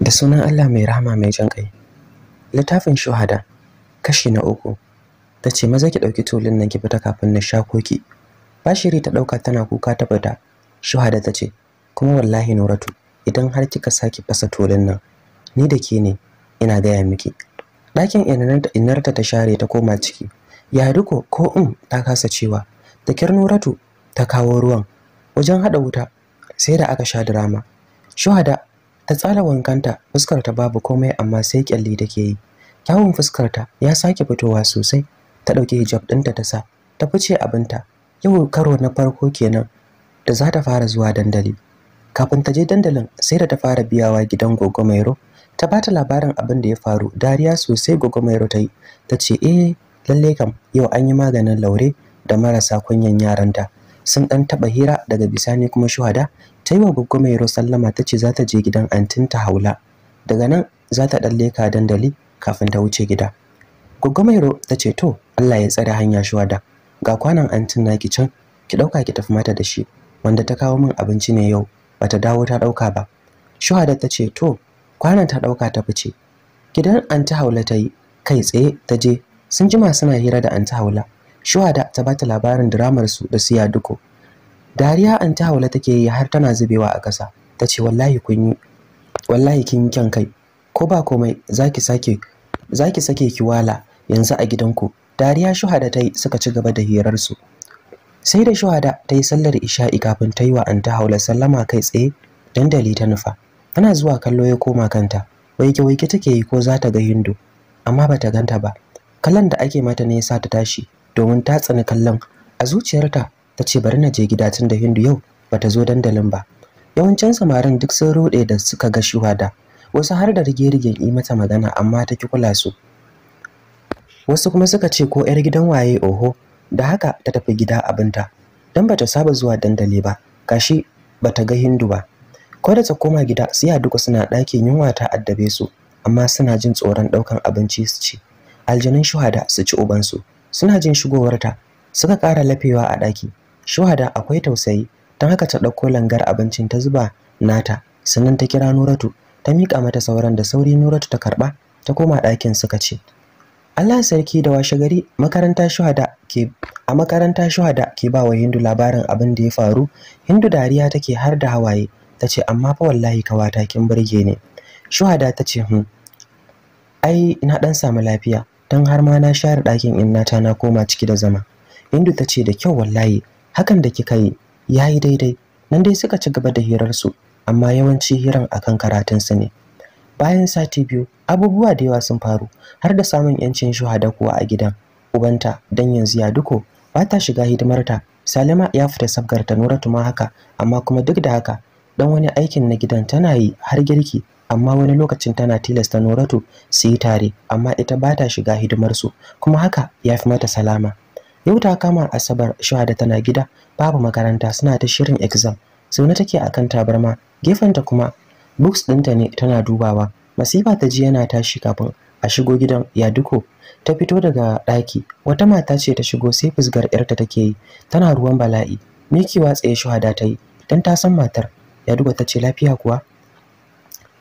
da sunan Allah mai rahama mai jan kai littafin shuhada kashi na uku ta ce maza ki ɗauki tulun nan ki fita kafin na sha koki bashiri ta ɗauka tana kuka ta fita shuhada ta ce kuma wallahi Nuratu idan har kika saki fasa tulun nan ni da ke ne ina gaya miki ɗakin inarta ta share ta koma ciki ya riko ko in um ta kasa cewa da kirnuratu ta kawo ruwan wajen hada wuta sai da aka sha drama shuhada ta tsara wankanta fuskar ta babu komai amma sai kyalle take yi kyawun fuskar ta ya sake fitowa sosai ta dauki hijab ɗinta ta sa ta fice abinta yau karo na farko kenan da za ta fara zuwa dandali kafin ta je dandalin sai da ta fara biyawa gidan gogo mairo ta bata labarin abin da ya faru dariya sosai gogo mairo ta yi ta ce eh lalle kam yau an yi maganin laure da marasa kunyan yaranta sun dan taba hira daga bisani kuma shuhada ta yi wa gugu mai sallama ta ce za ta je gidan antin ta haula daga nan za ta dan leka dandali kafin ta wuce gida gugu mai ta ce to Allah ya tsare hanya shuhada ga kwanan antin na ki can ki dauka ki tafi mata da shi wanda ta kawo min abinci ne yau bata dawo ta dauka ba shuhada ta ce to kwanan ta dauka ta fice gidan anti haula ta yi kai tsaye ta je sun jima suna hira da anta haula shuhada ta bata labarin diramar su da siya duko dariya anta haula take yi har tana zubewa a ƙasa tace wallahi kun wallahi kin yi kyan kai ko ba komai zaki sake zaki sake ki wala yanzu a gidanku dariya shuhada ta yi suka ci gaba da hirar su sai da shuhada ta yi sallar isha'i kafin ta yi wa anta haula sallama kai tsaye dandali ta nufa tana zuwa kallo ya koma kanta waike waike take yi ko za ta ga hindu amma bata ganta ba kallon da ake mata ne ya sa ta tashi domin ta tsani kallon a zuciyarta ta ce bari na je gida tun da hindu yau bata zo dandalin ba yawancin samarin duk sun ruɗe da suka ga shi wada, wasu har da rige-rigen yi mata magana amma ta ki kula su wasu kuma suka ce ko 'yar gidan waye oho da haka ta tafi gida abinta don bata saba zuwa dandali ba kashi bata ga hindu ba ko da ta koma gida sai a duka suna ɗakin yunwa ta addabe su amma suna jin tsoron ɗaukan abinci su ci aljanun shuhada su ci ubansu suna jin shigowarta suka ƙara lafewa a ɗaki shuhada akwai tausayi don haka ta ɗauko langar abincin ta zuba nata sannan ta kira nuratu ta miƙa mata sauran da sauri nuratu ta karɓa ta koma ɗakin suka ce Allah sarki da washe gari makaranta shuhada ke a makaranta shuhada ke ba wa Hindu labarin abin da ya faru Hindu dariya take har da hawaye tace amma fa wallahi kawata kin burge ne shuhada tace hmm ai na dan samu lafiya don har ma na share ɗakin innata na koma ciki da zama indu ta ce da kyau wallahi hakan da kika yi ya yi daidai nan dai suka ci gaba da hirarsu amma yawanci hiran akan karatunsu ne bayan sati biyu abubuwa da yawa sun faru har da samun yancin shuhada kuwa a gidan ubanta dan yanzu ya duko ba ta shiga hidimarta salima ya fita sabgarta nuratu ma haka amma kuma duk da haka dan wani aikin na gidan tana yi har girki amma wani lokacin tana tilasta Noratu su yi tare amma ita ba ta shiga hidimarsu kuma haka ya fi mata salama yau ta kama asabar shahada tana gida babu makaranta suna ta shirin exam sauna take a kan tabarma gefenta kuma books ɗinta ne tana dubawa masifa ta ji yana tashi kafin a shigo gidan ya duko ta fito daga ɗaki wata mata ce ta shigo sai fusgar yarta take yi tana ruwan bala'i miki watsaye shuhada ta yi dan ta san matar ya duba ta ce lafiya kuwa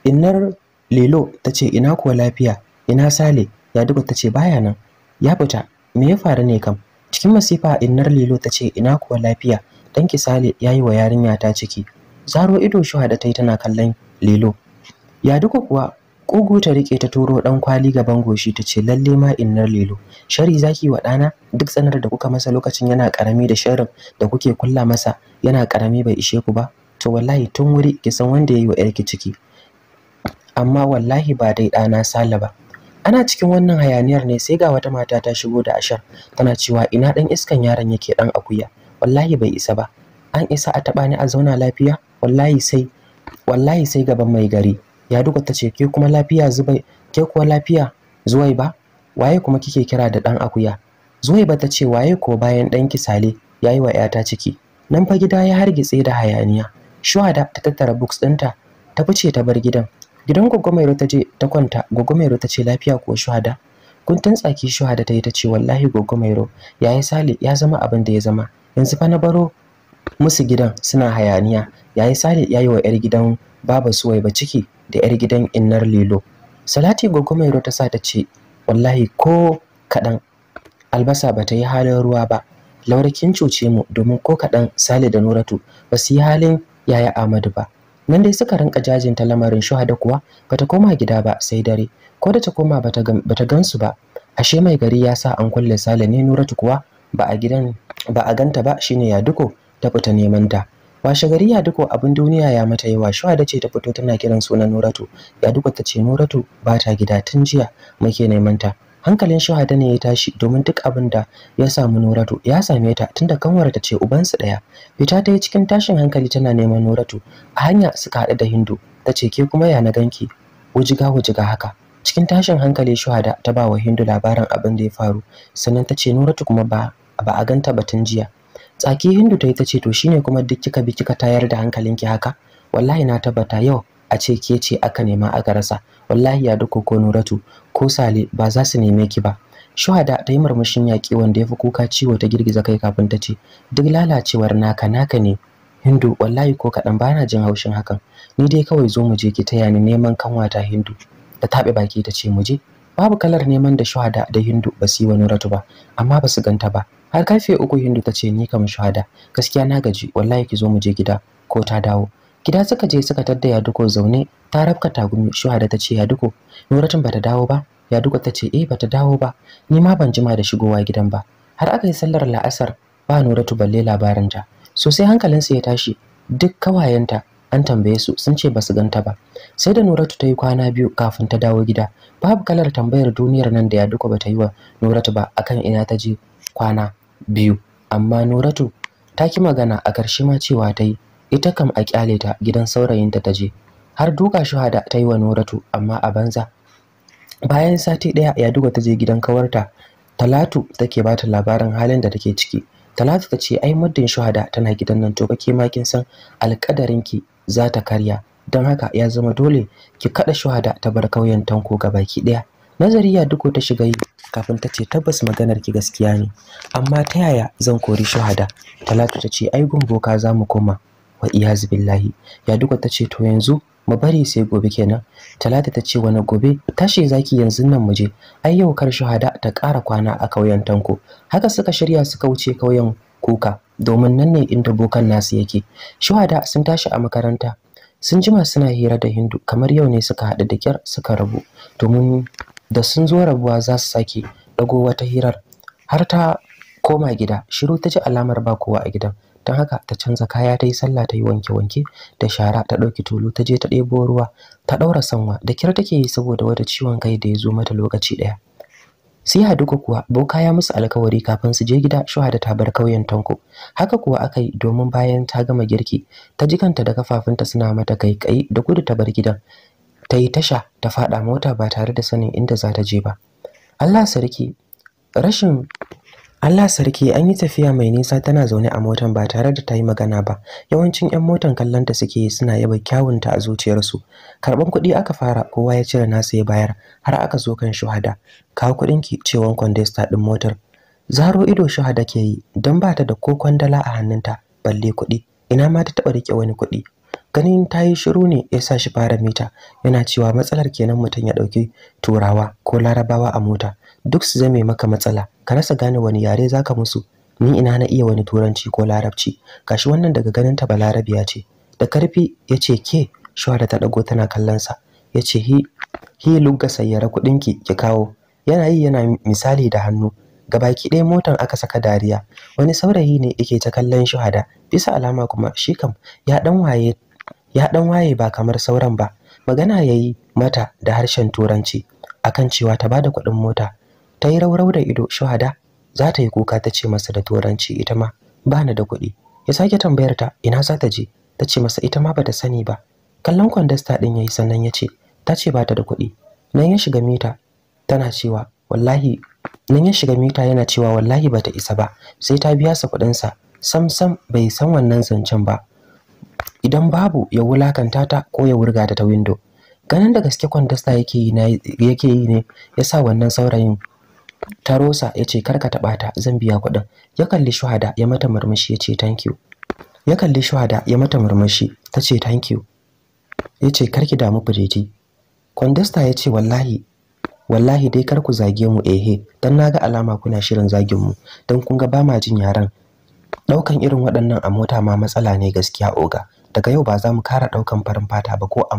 Innar Lelo ta ce ina kuwa lafiya, ina Sale, ya Yaduba ta ce baya nan, ya fita, me ya faru ne kam? Cikin masifa Innar Lelo ta ce ina kuwa lafiya, ɗanki Sale ya yi wa yarinya ta ciki. Zaro ido shuhada ta yi tana kallon Lelo. duka kuwa Ƙugu ta riƙe ta turo ɗan kwali ga bangoshi, ta ce lalle ma innar lelo. Shari zaki wa ɗana duk tsanar da kuka masa lokacin yana ƙarami da sharrin da kuke kulla masa yana ƙarami bai ishe ku ba. To wallahi tun wuri ki san wanda ya yi wa ‘yarki ciki. amma wallahi ba dai ɗana Sale ba. Ana cikin wannan hayaniyar ne sai ga wata mata ta shigo da ashar tana cewa ina ɗan iskan yaron yake ɗan akuya wallahi bai isa ba an isa a taɓa ni a zauna lafiya wallahi sai wallahi sai gaban mai gari ya duka ta ce ke kuma lafiya zubai ke kuwa lafiya zuwai ba waye kuma kike kira da ɗan akuya zuwai ba ta ce waye ko bayan ɗan kisale ya yi wa ‘yata ciki nan fa gida ya hargitse da hayaniya shuwa da ta tattara books ɗinta ta fice ta bar gidan gidan gwagwamairo ta je ta kwanta gwagwamairo ta ce lafiya ko shuhada kun tsaki shuhada ta yi ta ce wallahi ya yayi sale ya zama abin da ya zama yanzu fa na baro musu gidan suna hayaniya yayi sale yi wa yar gidan baba suwai ba ciki da yar gidan innar lilo salati gwagwamairo ta sa ta ce wallahi ko kaɗan albasa ba ta yi halin ruwa ba laura kin cuce mu domin ko kaɗan sale da nuratu ba su yi halin yaya amadu ba nan dai suka rinka ta lamarin shuhada kuwa bata koma gida ba sai dare ko da ta koma bata ta gansu ba ashe mai gari ya sa an kulle sale ne nuratu kuwa ba a gidan ba a ganta ba shine ya duko ta fita neman ta washe gari ya duko abin duniya ya mata yawa shuhada ce ta fito tana kiran sunan nuratu ya duko ta ce nuratu ba ta gida tun jiya muke neman ta hankalin shahada ne ya tashi domin duk abin da ya samu noratu ya same ta tunda kanwar ta ce ubansu daya fita ta yi cikin tashin hankali tana neman noratu, a hanya suka haɗu da Hindu ta ce ke kuma ya na ganki wujiga wujiga haka cikin tashin hankali shahada ta ba wa Hindu labarin abin da ya faru sannan ta ce Nuratu kuma ba ba a ganta tun jiya tsaki Hindu ta yi ta ce to shine kuma duk kika bi kika tayar da hankalinki haka wallahi na tabbata yau a ce ke ce aka nema aka rasa wallahi ya duka ko nuratu ko sale ba za su neme ki ba shuhada ta yi murmushin yaƙi wanda ya fi kuka ciwo ta girgiza kai kafin ta ce duk lalacewar naka naka ne hindu wallahi ko kaɗan bana jin haushin hakan ni dai kawai zo mu je ki taya ni neman kanwata hindu Da taɓe baki ta ce mu je babu kalar neman da shuhada da hindu ba su yi wa nuratu ba amma ba su ganta ba har karfe uku hindu ta ce ni kam shuhada gaskiya na gaji wallahi ki zo mu je gida ko ta dawo gida suka je suka tadda yaduko zaune ta rabka tagumi da ta ce yaduko nuratun bata dawo ba yaduko ta ce eh bata dawo ba ni ma ban jima da shigowa gidan ba har aka yi sallar la'asar ba nuratu balle labarin ta sosai hankalinsu ya tashi duk kawayenta an tambaye su sun ce basu ganta ba sai da nuratu ta yi kwana biyu kafin ta dawo gida babu kalar tambayar duniyar nan da yaduko bata yi wa nuratu ba akan ina ta je kwana biyu amma nuratu ta ki magana a ƙarshe ma cewa ta yi ita kam a kyale ta gidan saurayinta ta je har duka shuhada ta yi wa Noratu amma a banza bayan sati daya duka ta je gidan kawarta Talatu take ba ta labarin halin da take ciki Talatu ta ce ai muddin shuhada tana gidan nan to ka ma kin san alƙadarinki za ta karya don haka ya zama dole ki kaɗa shuhada ta bar kauyen tanko baki ɗaya. nazari ya duko ta shiga yi kafin ta ce tabbas maganar ki gaskiya ne amma ta yaya zan kori shuhada Talatu ta ce ai gumboka za mu koma wa iyazu billahi ya duka ta ce to yanzu mu bari sai gobe kenan talata tace ce wani gobe tashi zaki yanzu nan mu je ai yau kar shahada ta ƙara kwana a kauyen tanko haka suka shirya suka wuce kauyen kuka domin nan ne inda bokan nasu yake shahada sun tashi a makaranta sun jima suna hira da hindu kamar yau ne suka haɗu da kyar suka rabu domin da sun zo rabuwa za su sake ɗago wata hirar har ta koma gida shiru ta ji alamar ba kowa a gidan don haka ta canza kaya ta yi sallah ta yi wanke-wanke da shara ta ɗauki tulu ta je ta ɗebo ruwa ta ɗaura sanwa da kyar take yi saboda wata ciwon kai da ya zo mata lokaci ɗaya sai duka kuwa boka ya musu alkawari kafin su je gida shuhada ta bar kauyen tanko haka kuwa aka yi domin bayan ta gama girki ta ji kanta da kafafunta suna mata kai da gudu ta bar gidan ta yi tasha ta faɗa mota ba tare da sanin inda za ta je ba allah sarki rashin Allah sarki an yi tafiya mai nisa tana zaune a motan ba tare da ta yi magana ba. Yawancin 'yan motan kallonta suke yi suna yaba kyawunta a zuciyarsu. Karban kuɗi aka fara kowa ya cire nasa ya bayar har aka zo kan shuhada. Kawo kuɗinki cewan kwandesta ɗin motar. Zaro ido shuhada ke yi don ba ta da ko kwandala a hannunta balle kuɗi. Ina ma ta taɓa riƙe wani kuɗi. Ganin ta yi shiru ne ya sa shi fara mita yana cewa matsalar kenan mutum ya ɗauki turawa ko larabawa a mota duk su zame maka matsala ka rasa gane wani yare zaka musu ni ina na iya wani turanci ko larabci gashi wannan daga ganin ta balarabiya ce da karfi yace ke shuhara ta dago tana kallon sa yace hi hi lugga sayyara kudin ki ki kawo yana yi yana misali da hannu baki ɗaya motan aka saka dariya wani saurayi ne yake ta kallon shuhada bisa alama kuma shi kam ya dan waye ya dan waye ba kamar sauran ba magana yayi mata da harshen turanci akan cewa ta bada kuɗin mota ta yi raurau da ido shuhada za ta yi kuka ta ce masa da turanci ita ma ba ni da kuɗi ya sake tambayar ta ina za ta je ta ce masa ita ma ta sani ba kallon kwandasta ɗin ya yi sannan ya ce ta ce ba ta da kuɗi nan ya shiga mita tana cewa wallahi nan ya shiga mita yana cewa wallahi bata isa ba sai ta biya sa kuɗin sa sam sam bai san wannan zancen ba idan babu ya wulakanta ta ko ya wurga ta ta window ganin da gaske kwandasta yake yi ne ya sa wannan saurayin ta rosa ya ce karka taɓa ta zan biya kuɗin ya kalli shuhada ya mata murmushi ya ce thank you ya kalli shuhada ya mata murmushi ta ce thank you ya ce karki damu firiti kwandasta ya ce wallahi wallahi dai kar ku zage mu ehe dan ga alama kuna shirin zagin mu dan kun ga ba ma jin yaran Ɗaukan irin waɗannan a mota ma matsala ne gaskiya oga daga yau ba za mu kara daukan farin fata ba ko a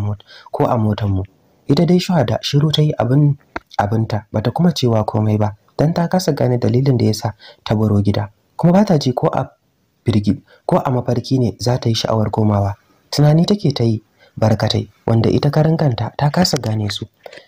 ko a motan mu ita dai shuhada shiru ta yi abin abinta bata kuma cewa komai ba don ta kasa gane dalilin da ya sa ta baro gida kuma bata ji ko a birgi ko a mafarki ne za ta yi sha'awar komawa tunani take ta yi barkatai wanda ita karan kanta ta kasa gane su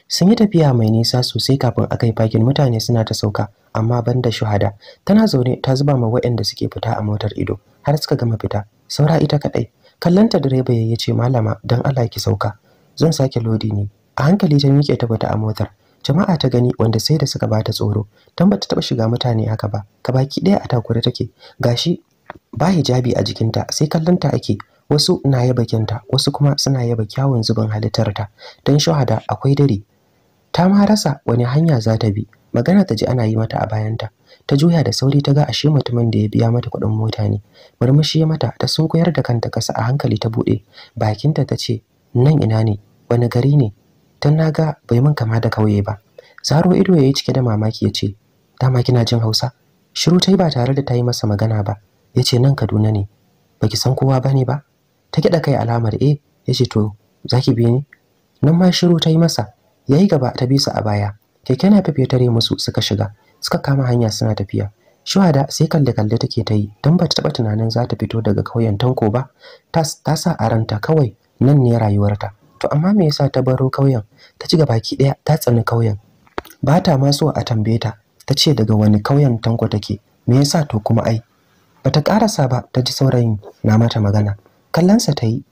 sun yi tafiya mai nisa sosai kafin a kai fakin mutane suna ta sauka amma banda shuhada tana zaune ta zuba ma waɗanda suke fita a motar ido har suka gama fita saura ita kadai kallanta direba ya ce malama don Allah ki sauka zan sake lodi ne a hankali ta miƙe ta gwada a motar jama'a ta gani wanda sai da suka ba ta tsoro ba ta taba shiga mutane haka ba Ka baki ɗaya a takure take gashi ba hijabi a jikinta sai kallonta ake wasu na yaba kyanta wasu kuma suna yaba kyawun zubin halittarta Don shahada akwai dare ta ma rasa wani hanya za ta bi magana ta ji ana yi mata a bayanta ta juya da sauri ta ga ashe mutumin da ya biya mata kuɗin mota ne murmushi ya mata ta sunkuyar da kanta kasa a hankali ta buɗe bakinta ta ce nan ina ne wani gari ne don na ga bai mun kama da kauye ba zaro ido ya yi cike da mamaki ya ce dama kina jin hausa shiru ta yi ba tare da ta yi masa magana ba ya ce nan kaduna ne baki san kowa ba ne ba ta kiɗa kai alamar e ya ce to za ki bi ni nan ma shiru ta yi masa ya yi gaba ta bisa a baya keke na fafe tare musu suka shiga suka kama hanya suna tafiya shuhada sai kalle kalle take ta yi don ba ta taɓa tunanin za ta fito daga ƙauyen tanko ba ta sa a ranta kawai nan ne rayuwarta to amma me yasa ta baro kauyen? ta ci ki ɗaya ta tsani kauyen. ba ta ma so a tambaye ta ta ce daga wani kauyen tanko take me yasa to kuma ai bata karasa ba ta ji saurayin na mata magana kallansa ta yi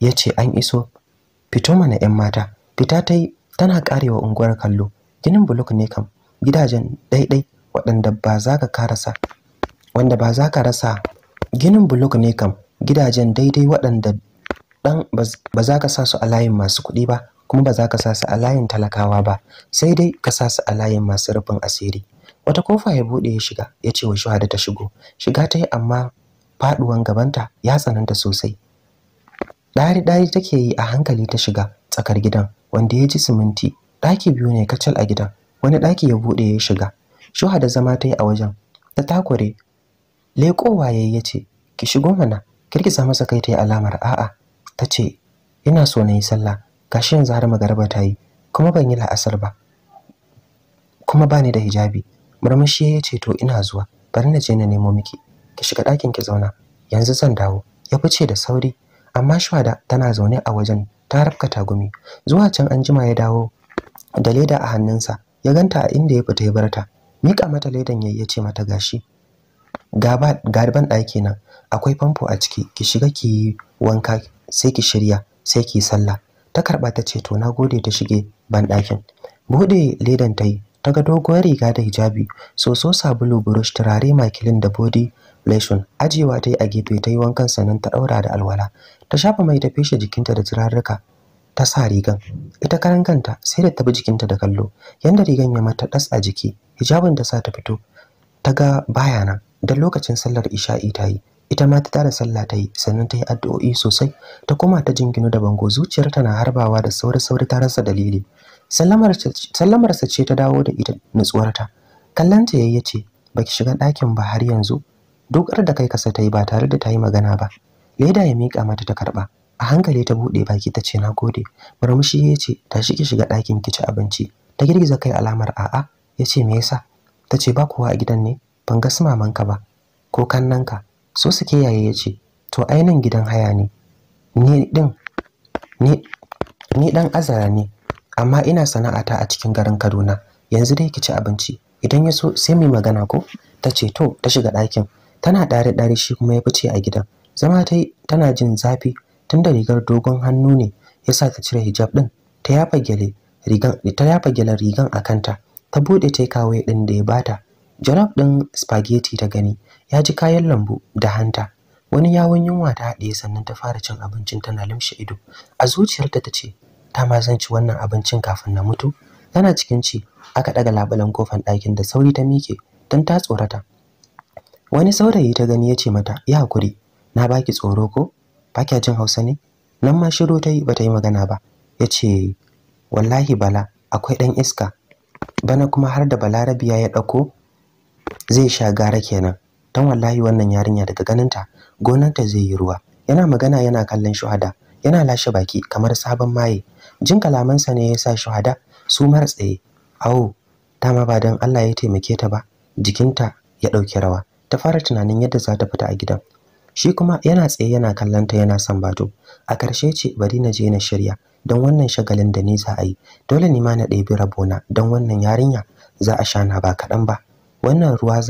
ya ce an iso fito mana 'yan mata fita ta yi tana karewa unguwar kallo ginin bulok ne kam gidajen daidai waɗanda ba za ka karasa wanda ba za ka rasa ginin bulok ne kam gidajen daidai waɗanda dan ba za ka sa su a layin masu kuɗi ba kuma ba za ka sa su a layin talakawa ba sai dai ka sa su a layin masu rufin asiri wata kofa ya buɗe ya shiga ya ce wa shuhada ta shigo shiga ta yi amma faɗuwan gabanta ya tsananta sosai ɗari ɗari take yi a hankali ta shiga tsakar gidan wanda ya ji siminti ɗaki biyu ne kacal a gidan wani ɗaki ya buɗe ya shiga shuhada zama ta yi a wajen ta takure leƙowa ya yi ya ce ki shigo mana sa masa kai ta yi alamar a'a ta ce ina so na yi sallah gashi yanzu har magaraba ta yi kuma ban yi la'asar ba kuma ba ni da hijabi murmushi ya ce to ina zuwa bari na je na nemo miki ki shiga ɗakin ki zauna yanzu zan dawo ya fice da sauri amma shwada tana zaune a wajen ta rafka tagumi zuwa can an jima ya dawo da leda a hannunsa ya ganta a inda ya fita ya barta mika mata ledan yayi ce mata gashi ga ban ɗaki nan akwai famfo a ciki ki shiga ki yi wanka sai ki shirya sai ki sallah ta karba ta ce to na gode ta shige banɗakin bude ledan ta yi ta ga doguwar riga da hijabi soso sabulu burush turare makilin da body lotion ajewa ta yi a gefe ta yi wankan sannan ta ɗaura da alwala ta shafa mai ta feshe jikinta da turarruka ta sa rigan ita karan kanta sai da ta bi jikinta da kallo yanda rigan ya mata ɗas a jiki hijabin ta sa ta fito ta ga baya nan don lokacin sallar isha'i ta yi ita ma ta tara sallah ta yi sannan ta yi addu'o'i sosai ta koma ta jingino da bango zuciyar na harbawa da sauri sauri ta rasa dalili sallamarsa ce ta dawo da ita nutsuwarta kallanta yayi ce baki shiga ɗakin ba har yanzu dokar da kai kasa ta yi ba tare da ta yi magana ba leda ya mika mata ta karɓa a hankali ta buɗe baki ta ce na gode murmushi ya ce tashi ki shiga ɗakin ki ci abinci ta girgiza kai alamar a'a ya ce me yasa ta ce ba kowa a gidan ne ban ga su mamanka ba ko kannanka so suke yaye ya ce to ainihin gidan haya ne ni ɗan dan azara ne amma ina sana'ata a cikin garin kaduna yanzu dai ki ci abinci idan ya so sai mai magana ko ta ce to ta shiga ɗakin tana ɗare ɗare shi kuma ya fice a gidan zama ta tana jin zafi tunda rigar dogon hannu ne ya sa ta cire hijab ɗin ta yafa gyale rigan a kanta ta buɗe ta kawai ɗin da ya bata Jolof ɗin spaghetti ta gani ya ji kayan lambu da hanta wani yawon yunwa ta haɗe sannan ta fara cin abincin tana limshe ido a zuciyarta ta ce ta ma zan ci wannan abincin kafin na mutu tana cikin ci aka ɗaga labulen kofan ɗakin da sauri ta miƙe don ta tsorata wani saurayi ta gani ya ce mata ya hakuri na baki tsoro ko ba kya jin hausa ne nan ma shiro ta yi ba ta yi magana ba ya ce wallahi bala akwai ɗan iska bana kuma har da balarabiya ya ɗauko zai sha gara kenan Don wallahi wannan yarinya daga ganinta gonanta zai yi ruwa yana magana yana kallon shuhada yana lashe baki kamar sabon maye jin kalamansa ne ya sa shuhada su mar tsaye awo dama ba dan Allah ya taimake ta ba jikinta ya ɗauki rawa ta fara tunanin yadda za ta fita a gidan shi kuma yana tsaye yana kallonta yana son bato a ƙarshe ce bari na je na shirya don wannan shagalin da ni za a yi dole ni ma na ɗebi rabona don wannan yarinya za a sha na ba kaɗan ba wannan ruwa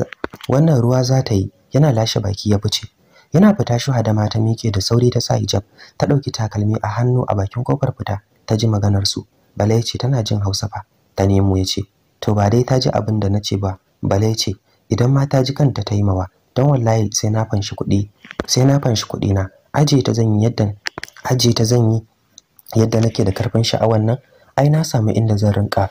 wannan ruwa za ta yi yana lashe baki ya fice yana fita da mata miƙe da sauri ta sa hijab ta ɗauki takalmi a hannu a bakin kofar fita ta ji maganarsu. su bala ya ce tana jin hausa fa ta nemo ya ce to ba dai ta ji abin da na ce ba bala ya ce idan ma ta ji kanta ta yi mawa don wallahi sai na fanshi kuɗi sai na fanshi kuɗi na aje ta zan yi yadda aje ta zan yi yadda nake da karfin sha'awan nan ai na samu inda zan rinka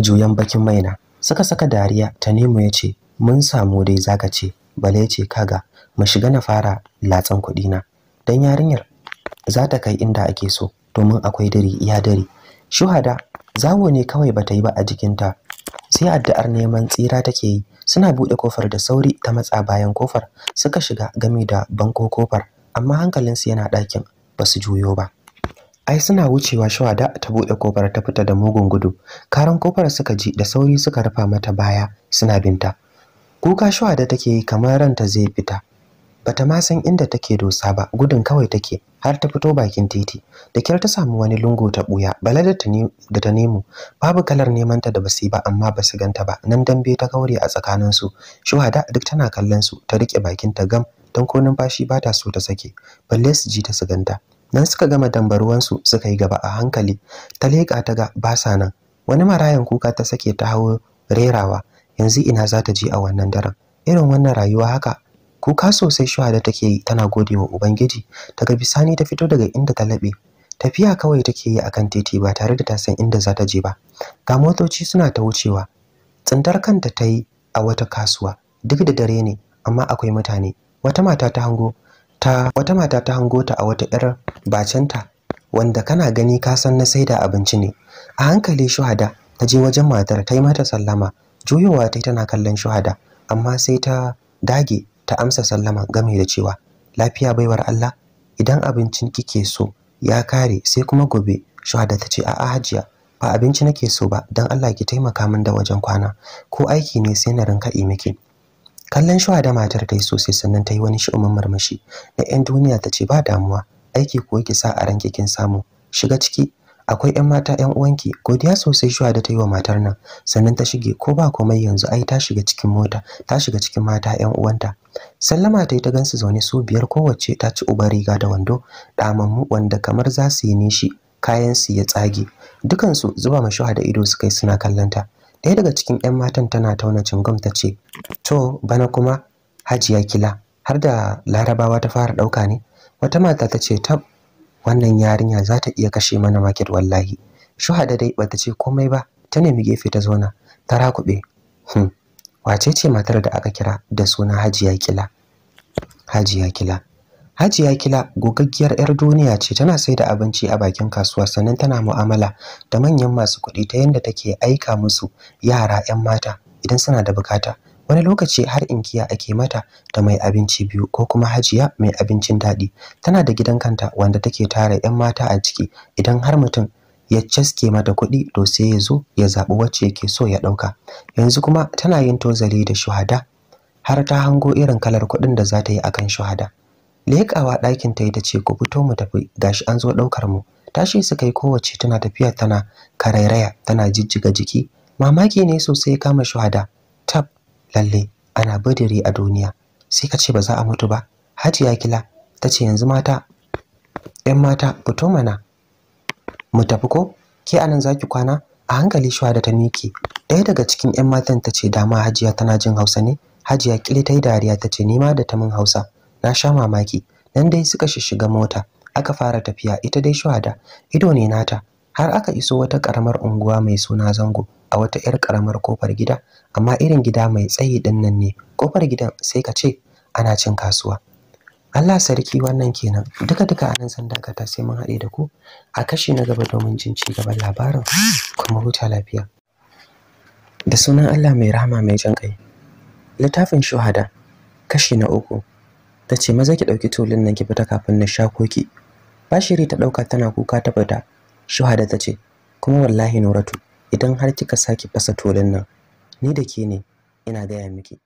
juyan bakin maina saka saka dariya ta nemo ya ce mun samu dai zaka ce bale ce kaga mu shiga na fara latsan kuɗi na dan yarinyar za ta kai inda ake so domin akwai dare iya dare shuhada zawo ne kawai bata yi ba a jikinta sai addu'ar neman tsira take yi suna buɗe kofar da sauri ta matsa bayan kofar suka shiga gami da banko kofar amma hankalinsu yana ɗakin ba su juyo ba ai suna wucewa shuhada ta buɗe kofar ta fita da mugun gudu karan kofar suka ji da sauri suka rufa mata baya suna binta kuka da take yi kamar ranta zai fita bata ma san inda take dosa ba gudun kawai take har ta fito bakin titi da kyar ta samu wani lungu ta buya bala da ta nemo babu kalar neman ta da basi ba amma basu ganta ba nan dambe ta kaure a tsakanin su shuhada duk tana kallon su ta rike bakin ta gam dan ko numfashi ba ta so ta sake balle su ji ta su ganta nan suka gama dambaruwan su suka yi gaba a hankali ta leka ta ga ba sa nan wani marayan kuka ta sake ta hawo rerawa yanzu ina za ta je a wannan daren irin wannan rayuwa haka kuka sosai shuhada take yi tana gode wa ubangiji daga bisani ta fito daga inda ta laɓe tafiya kawai take yi akan titi ba tare da ta san inda za ta je ba ga motoci suna ta wucewa tsintar kanta ta yi a wata kasuwa duk da dare ne amma akwai mutane wata mata ta hango ta wata mata ta hango ta a wata 'yar bacanta wanda kana gani ka san na saida abinci ne a hankali shuhada ta je wajen matar ta yi mata sallama juyowa ta tana kallon shuhada amma sai ta dage ta amsa sallama game da cewa lafiya baiwar Allah idan abincin kike so ya kare sai kuma gobe shuhada ta ce a'a hajiya ba abinci nake so ba don Allah ki taimaka min da wajen kwana ko aiki ne sai na rinka yi miki kallon shuhada matar ta yi sosai sannan ta yi wani shi'umin murmushi na 'yan duniya ta ce ba damuwa aiki ko ki sa a ranke kin samu shiga ciki akwai yan mata yan uwanki godiya sosai shuwa da ta yi wa matar nan sannan ta shige ko ba komai yanzu ai ta shiga cikin mota ta shiga cikin mata yan uwanta sallama ta yi ta gansu zaune su biyar kowace ta ci uban riga da wando damammu wanda kamar za su yi nishi kayan su ya tsage dukansu zuba ma shuwa da ido suka yi suna kallanta ɗaya daga cikin yan matan tana tauna cingam ta ce to bana kuma hajiya kila har da larabawa ta fara ɗauka ne wata mata ta ce tab wannan yarinya za ta iya kashe mana market wallahi shuhada dai bata ce komai ba ta nemi gefe ta zauna ta rakuɓe hmm. wace ce matar da aka kira da suna hajiya kila hajiya kila hajiya kila gogaggiyar 'yar duniya ce tana sai da abinci a bakin kasuwa sannan tana mu'amala da manyan masu kuɗi ta yadda take aika musu yara 'yan mata idan suna da bukata wani lokaci har inkiya ake mata da mai abinci biyu ko kuma hajiya mai abincin daɗi tana da gidan kanta wanda take tara 'yan mata a ciki idan har mutum ya caske mata kuɗi to sai ya zo ya zaɓi wacce yake so ya ɗauka yanzu kuma tana yin tozali da shuhada har ta hango irin kalar kuɗin da za ta yi akan shuhada leƙawa ɗakin ta yi ta ce ku fito mu tafi gashi an zo ɗaukar mu tashi suka yi kowace tana tafiya tana karairaya tana jijjiga jiki mamaki ne sosai kama shuhada lalle ana bidiri a duniya sai ka ce ba za a mutu ba hajiya kila ta ce yanzu mata yan mata fito mana mu tafi ko ke anan ki kwana a hankali shuwa da ta miki ɗaya daga cikin yan matan ta ce dama hajiya tana jin hausa ne hajiya kila ta yi dariya ta ce nima da ta min hausa na sha mamaki nan dai suka shiga mota aka fara tafiya ita dai da ido ne nata har aka iso wata karamar unguwa mai suna zango a wata 'yar ƙaramar kofar gida amma irin gida mai tsayi din nan ne kofar gidan sai ka ce ana cin kasuwa Allah sarki wannan kenan duka duka anan zan dakata sai mun haɗe da ku a kashi na gaba domin jin ci gaban labarin kuma huta lafiya da sunan Allah mai rahama mai jan kai littafin shuhada kashi na uku ta ce maza ki ɗauki tulun nan ki fita kafin na sha koki bashiri ta ɗauka tana kuka ta fita shuhada ta ce kuma wallahi nuratu idan har kika sake fasa tolin nan ni da ke ne ina gaya miki